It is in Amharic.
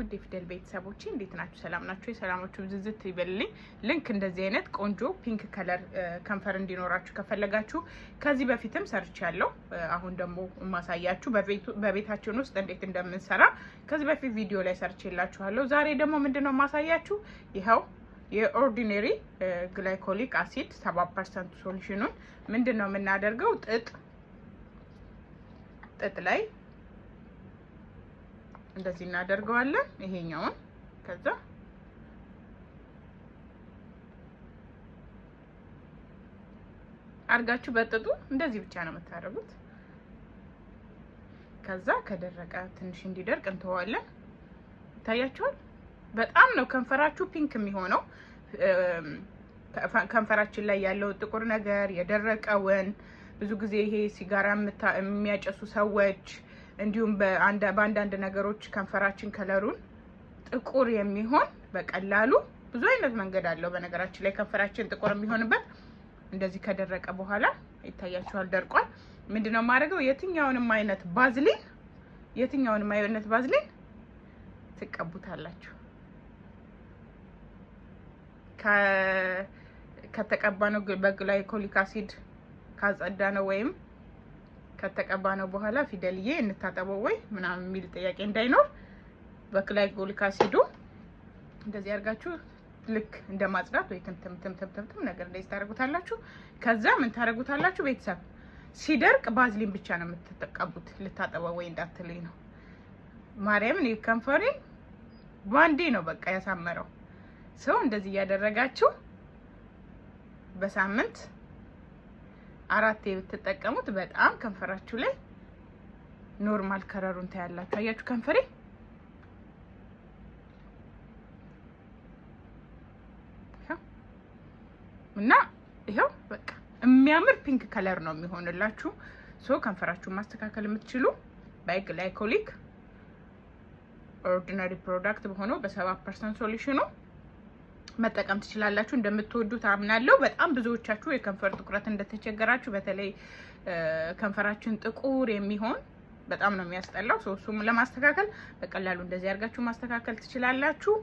ውድ የፊደል ቤተሰቦች እንዴት ናችሁ? ሰላም ናችሁ? የሰላማችሁ ዝዝት ይበልልኝ። ልንክ እንደዚህ አይነት ቆንጆ ፒንክ ከለር ከንፈር እንዲኖራችሁ ከፈለጋችሁ ከዚህ በፊትም ሰርች ያለው አሁን ደግሞ ማሳያችሁ በቤታችን ውስጥ እንዴት እንደምንሰራ ከዚህ በፊት ቪዲዮ ላይ ሰርች የላችኋለሁ። ዛሬ ደግሞ ነው የማሳያችሁ ይኸው የኦርዲነሪ ግላይኮሊክ አሲድ 7 ፐርሰንት ሶሉሽኑን ምንድን ነው የምናደርገው ጥጥ ጥጥ ላይ እንደዚህ እናደርገዋለን። ይሄኛውን ከዛ አርጋችሁ በጥጡ እንደዚህ ብቻ ነው የምታደርጉት። ከዛ ከደረቀ ትንሽ እንዲደርቅ እንተዋለን። ይታያችኋል። በጣም ነው ከንፈራችሁ ፒንክ የሚሆነው። ከንፈራችን ላይ ያለው ጥቁር ነገር የደረቀውን ብዙ ጊዜ ይሄ ሲጋራ የሚያጨሱ ሰዎች እንዲሁም በአንዳንድ ነገሮች ከንፈራችን ከለሩን ጥቁር የሚሆን በቀላሉ ብዙ አይነት መንገድ አለው። በነገራችን ላይ ከንፈራችን ጥቁር የሚሆንበት እንደዚህ ከደረቀ በኋላ ይታያችኋል፣ ደርቋል። ምንድነው የማደርገው? የትኛውንም አይነት ባዝሊን የትኛውንም አይነት ባዝሊን ትቀቡታላችሁ። ከተቀባ ነው በግላይኮሊክ አሲድ ካጸዳ ነው ወይም ከተቀባ ነው በኋላ ፊደልዬ እንታጠበው ወይ ምናምን የሚል ጥያቄ እንዳይኖር በግላይኮሊክ አሲዱ እንደዚህ አድርጋችሁ ልክ እንደ ማጽዳት ወይ ትምትምትምትምትም ነገር እንደዚህ ታደርጉታላችሁ። ከዛ ምን ታደርጉታላችሁ ቤተሰብ ሲደርቅ ባዝሊን ብቻ ነው የምትጠቀቡት። ልታጠበው ወይ እንዳትልኝ ነው ማርያምን። ከንፈሬን ባንዴ ነው በቃ ያሳመረው ሰው። እንደዚህ እያደረጋችሁ በሳምንት አራቴ ብትጠቀሙት በጣም ከንፈራችሁ ላይ ኖርማል ከረሩን ታያላችሁ። አያችሁ ከንፈሬ እና ይኸው በቃ የሚያምር ፒንክ ከለር ነው የሚሆንላችሁ። ሶ ከንፈራችሁን ማስተካከል የምትችሉ ግላይኮሊክ ኦርዲናሪ ፕሮዳክት በሆነው በሰባ ፐርሰንት ሶሉሽኑ መጠቀም ትችላላችሁ። እንደምትወዱት አምናለሁ። በጣም ብዙዎቻችሁ የከንፈር ትኩረት እንደተቸገራችሁ፣ በተለይ ከንፈራችን ጥቁር የሚሆን በጣም ነው የሚያስጠላው። ሶሱም ለማስተካከል በቀላሉ እንደዚህ አድርጋችሁ ማስተካከል ትችላላችሁ።